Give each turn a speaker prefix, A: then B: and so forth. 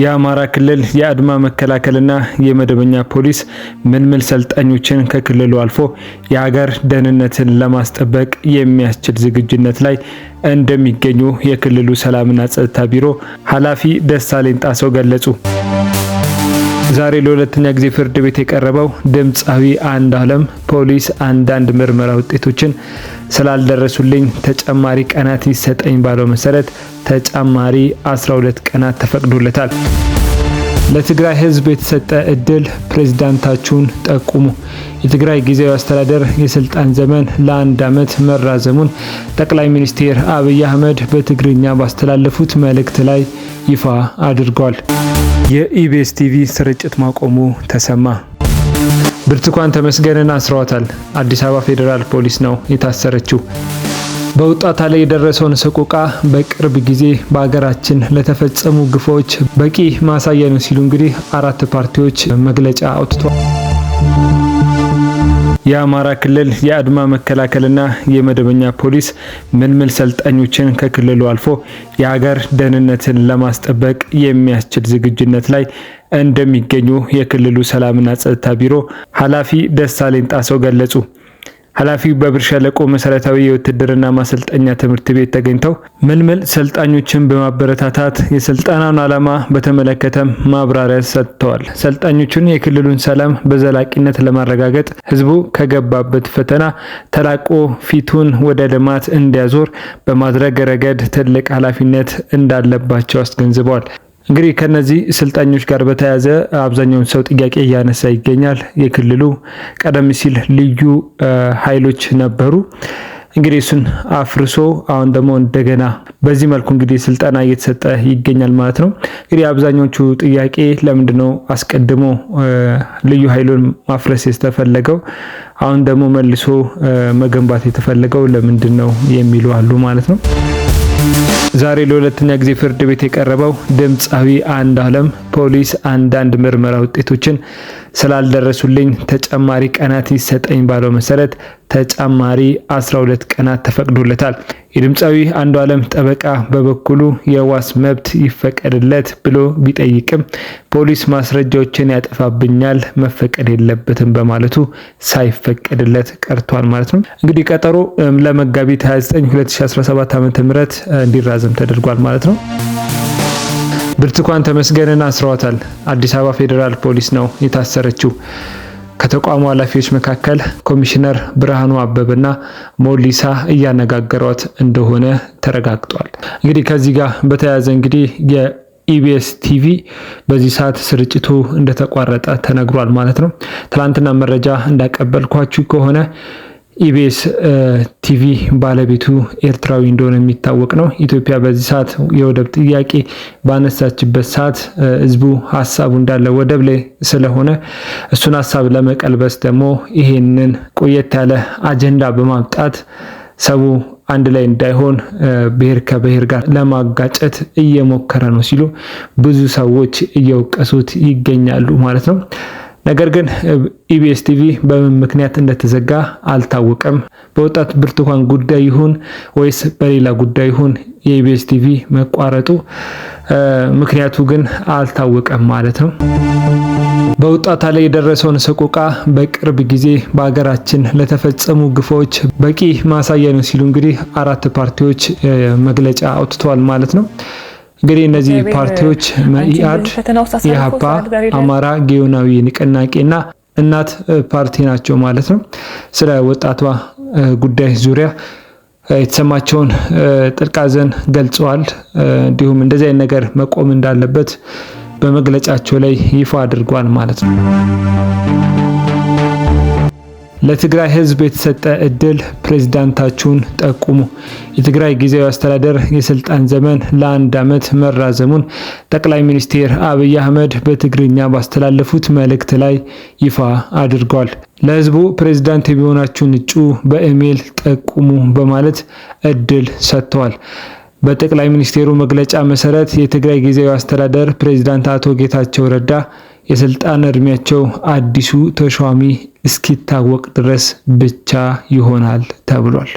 A: የአማራ ክልል የአድማ መከላከልና የመደበኛ ፖሊስ ምልምል ሰልጣኞችን ከክልሉ አልፎ የሀገር ደህንነትን ለማስጠበቅ የሚያስችል ዝግጁነት ላይ እንደሚገኙ የክልሉ ሰላምና ጸጥታ ቢሮ ኃላፊ ደሳለኝ ጣሰው ገለጹ። ዛሬ ለሁለተኛ ጊዜ ፍርድ ቤት የቀረበው ድምፃዊ አንድ አለም ፖሊስ አንዳንድ ምርመራ ውጤቶችን ስላልደረሱልኝ ተጨማሪ ቀናት ይሰጠኝ ባለው መሰረት ተጨማሪ 12 ቀናት ተፈቅዶለታል። ለትግራይ ሕዝብ የተሰጠ እድል ፕሬዝዳንታችሁን ጠቁሙ። የትግራይ ጊዜያዊ አስተዳደር የስልጣን ዘመን ለአንድ ዓመት መራዘሙን ጠቅላይ ሚኒስትር አብይ አህመድ በትግርኛ ባስተላለፉት መልእክት ላይ ይፋ አድርጓል። የኢቢኤስ ቲቪ ስርጭት ማቆሙ ተሰማ። ብርቱካን ተመስገንን አስረዋታል። አዲስ አበባ ፌዴራል ፖሊስ ነው የታሰረችው። በወጣቷ ላይ የደረሰውን ሰቆቃ በቅርብ ጊዜ በሀገራችን ለተፈጸሙ ግፎች በቂ ማሳያ ነው ሲሉ እንግዲህ አራት ፓርቲዎች መግለጫ አውጥቷል። የአማራ ክልል የአድማ መከላከልና የመደበኛ ፖሊስ ምልምል ሰልጣኞችን ከክልሉ አልፎ የሀገር ደህንነትን ለማስጠበቅ የሚያስችል ዝግጁነት ላይ እንደሚገኙ የክልሉ ሰላምና ጸጥታ ቢሮ ኃላፊ ደሳለኝ ጣሰው ገለጹ። ኃላፊው በብር ሸለቆ መሰረታዊ የውትድርና ማሰልጠኛ ትምህርት ቤት ተገኝተው ምልምል ሰልጣኞችን በማበረታታት የስልጠናውን ዓላማ በተመለከተ ማብራሪያ ሰጥተዋል። ሰልጣኞቹን የክልሉን ሰላም በዘላቂነት ለማረጋገጥ ህዝቡ ከገባበት ፈተና ተላቆ ፊቱን ወደ ልማት እንዲያዞር በማድረግ ረገድ ትልቅ ኃላፊነት እንዳለባቸው አስገንዝበዋል። እንግዲህ ከነዚህ ስልጣኞች ጋር በተያያዘ አብዛኛውን ሰው ጥያቄ እያነሳ ይገኛል። የክልሉ ቀደም ሲል ልዩ ኃይሎች ነበሩ። እንግዲህ እሱን አፍርሶ አሁን ደግሞ እንደገና በዚህ መልኩ እንግዲህ ስልጠና እየተሰጠ ይገኛል ማለት ነው። እንግዲህ አብዛኞቹ ጥያቄ ለምንድን ነው አስቀድሞ ልዩ ኃይሉን ማፍረስ የተፈለገው አሁን ደግሞ መልሶ መገንባት የተፈለገው ለምንድን ነው የሚሉ አሉ ማለት ነው። ዛሬ ለሁለተኛ ጊዜ ፍርድ ቤት የቀረበው ድምፃዊ አንድ አለም ፖሊስ አንዳንድ ምርመራ ውጤቶችን ስላልደረሱልኝ ተጨማሪ ቀናት ይሰጠኝ ባለው መሰረት ተጨማሪ 12 ቀናት ተፈቅዶለታል። የድምፃዊ አንዱዓለም ጠበቃ በበኩሉ የዋስ መብት ይፈቀድለት ብሎ ቢጠይቅም ፖሊስ ማስረጃዎችን ያጠፋብኛል፣ መፈቀድ የለበትም በማለቱ ሳይፈቀድለት ቀርቷል ማለት ነው። እንግዲህ ቀጠሮ ለመጋቢት 29 2017 ዓ.ም እንዲራዘም ተደርጓል ማለት ነው። ብርቱካን ተመስገንን አስረዋታል። አዲስ አበባ ፌዴራል ፖሊስ ነው የታሰረችው። ከተቋሙ ኃላፊዎች መካከል ኮሚሽነር ብርሃኑ አበበና ሞሊሳ እያነጋገሯት እንደሆነ ተረጋግጧል። እንግዲህ ከዚህ ጋር በተያያዘ እንግዲህ የኢቢኤስ ቲቪ በዚህ ሰዓት ስርጭቱ እንደተቋረጠ ተነግሯል ማለት ነው። ትላንትና መረጃ እንዳቀበልኳችሁ ከሆነ ኢቢኤስ ቲቪ ባለቤቱ ኤርትራዊ እንደሆነ የሚታወቅ ነው። ኢትዮጵያ በዚህ ሰዓት የወደብ ጥያቄ ባነሳችበት ሰዓት ህዝቡ ሀሳቡ እንዳለ ወደብ ላይ ስለሆነ እሱን ሀሳብ ለመቀልበስ ደግሞ ይሄንን ቆየት ያለ አጀንዳ በማምጣት ሰው አንድ ላይ እንዳይሆን ብሔር ከብሔር ጋር ለማጋጨት እየሞከረ ነው ሲሉ ብዙ ሰዎች እየወቀሱት ይገኛሉ ማለት ነው። ነገር ግን ኢቢኤስ ቲቪ በምን ምክንያት እንደተዘጋ አልታወቀም። በወጣት ብርቱካን ጉዳይ ይሁን ወይስ በሌላ ጉዳይ ይሁን የኢቢኤስ ቲቪ መቋረጡ ምክንያቱ ግን አልታወቀም ማለት ነው። በወጣቷ ላይ የደረሰውን ሰቆቃ በቅርብ ጊዜ በሀገራችን ለተፈጸሙ ግፎች በቂ ማሳያ ነው ሲሉ እንግዲህ አራት ፓርቲዎች መግለጫ አውጥተዋል ማለት ነው። እንግዲህ እነዚህ ፓርቲዎች መኢአድ፣ ኢህአፓ፣ አማራ ጌዮናዊ ንቅናቄና እናት ፓርቲ ናቸው ማለት ነው። ስለ ወጣቷ ጉዳይ ዙሪያ የተሰማቸውን ጥልቅ ሐዘን ገልጸዋል። እንዲሁም እንደዚህ አይነት ነገር መቆም እንዳለበት በመግለጫቸው ላይ ይፋ አድርጓል ማለት ነው። ለትግራይ ህዝብ የተሰጠ እድል ፕሬዝዳንታችሁን ጠቁሙ። የትግራይ ጊዜያዊ አስተዳደር የስልጣን ዘመን ለአንድ ዓመት መራዘሙን ጠቅላይ ሚኒስትር አብይ አህመድ በትግርኛ ባስተላለፉት መልእክት ላይ ይፋ አድርጓል። ለህዝቡ ፕሬዝዳንት የሚሆናችሁን እጩ በኢሜይል ጠቁሙ በማለት እድል ሰጥተዋል። በጠቅላይ ሚኒስቴሩ መግለጫ መሰረት የትግራይ ጊዜያዊ አስተዳደር ፕሬዝዳንት አቶ ጌታቸው ረዳ የስልጣን እድሜያቸው አዲሱ ተሿሚ እስኪታወቅ ድረስ ብቻ ይሆናል ተብሏል።